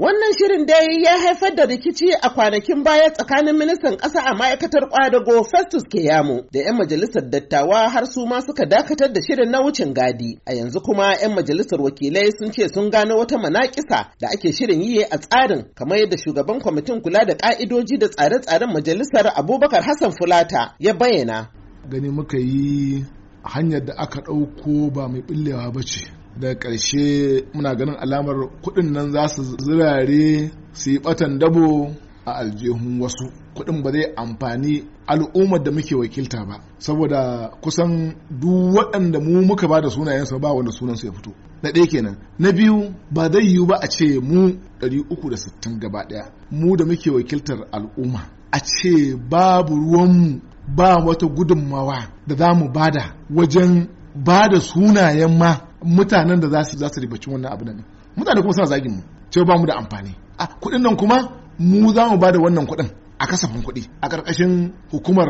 Wannan shirin dai ya haifar da rikici a kwanakin baya tsakanin ministan ƙasa a ma'aikatar ƙwadago Festus Keyamo da 'yan majalisar dattawa har su ma suka dakatar da shirin na wucin gadi. A yanzu kuma 'yan majalisar wakilai sun ce sun gano wata manaƙisa da ake shirin yi a tsarin kamar yadda shugaban kwamitin kula da ƙa'idoji da tsare-tsaren majalisar Abubakar Hassan Fulata ya bayyana. Gani muka yi hanyar da aka ɗauko ba mai ɓillewa ba ce. daga ƙarshe muna ganin alamar kuɗin nan za su zirare su yi ɓatan dabo a aljihun wasu kuɗin ba zai amfani al'ummar da muke wakilta ba saboda kusan duk waɗanda mu muka ba da sunayensa ba wanda sunansu ya fito na ɗaya kenan na biyu ba zai yiwu ba a ce mu 360 gaba ɗaya mu da muke wakiltar al'umma a ce babu ruwanmu ba wata gudunmawa da za mu bada wajen bada sunayen ma mutanen da za su za su ribaci wannan abu ne mutane kuma suna zagin mu cewa ba mu da amfani a kuɗin nan kuma mu za mu bada wannan kuɗin a kasafin kuɗi a ƙarƙashin hukumar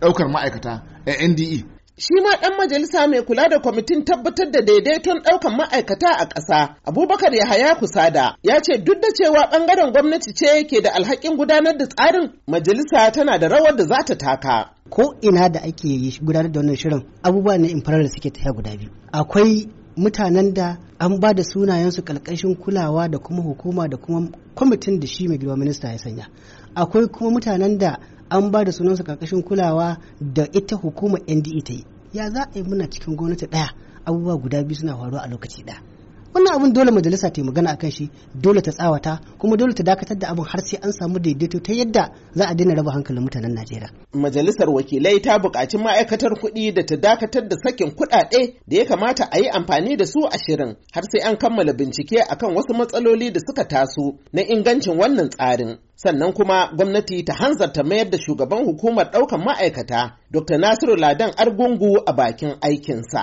ɗaukar ma'aikata a eh, NDE Shi ma ɗan majalisa mai kula da kwamitin tabbatar da daidaiton ɗaukan ma'aikata a ƙasa, Abubakar Yahaya Kusada, ya ce duk da cewa ɓangaren gwamnati ce ke da alhakin gudanar da tsarin majalisa tana da rawar da za ta taka. Ko ina da ake gudanar da wannan shirin abubuwa ne in da suke tafiya guda biyu. Akwai mutanen da an ba da sunayensu kalkashin kulawa da kuma hukuma da kuma kwamitin da shi mai girma minista ya sanya akwai kuma mutanen da an ba da sunansu karkashin kulawa da ita hukuma nde ta yi ya za a yi muna cikin gwamnati ɗaya abubuwa guda biyu suna faruwa a lokaci ɗaya wannan abin dole majalisa ta yi magana a kan shi dole ta tsawata kuma dole ta dakatar da abin har sai an samu daidaito ta yadda za a daina raba hankalin mutanen Najeriya. Majalisar wakilai ta buƙaci ma'aikatar kuɗi da ta dakatar da sakin kuɗaɗe da ya kamata a yi amfani da su a shirin har sai an kammala bincike akan wasu matsaloli da suka taso na ingancin wannan tsarin. sannan kuma gwamnati ta hanzarta mayar da shugaban hukumar ɗaukar ma'aikata dr nasiru ladan argungu a bakin aikinsa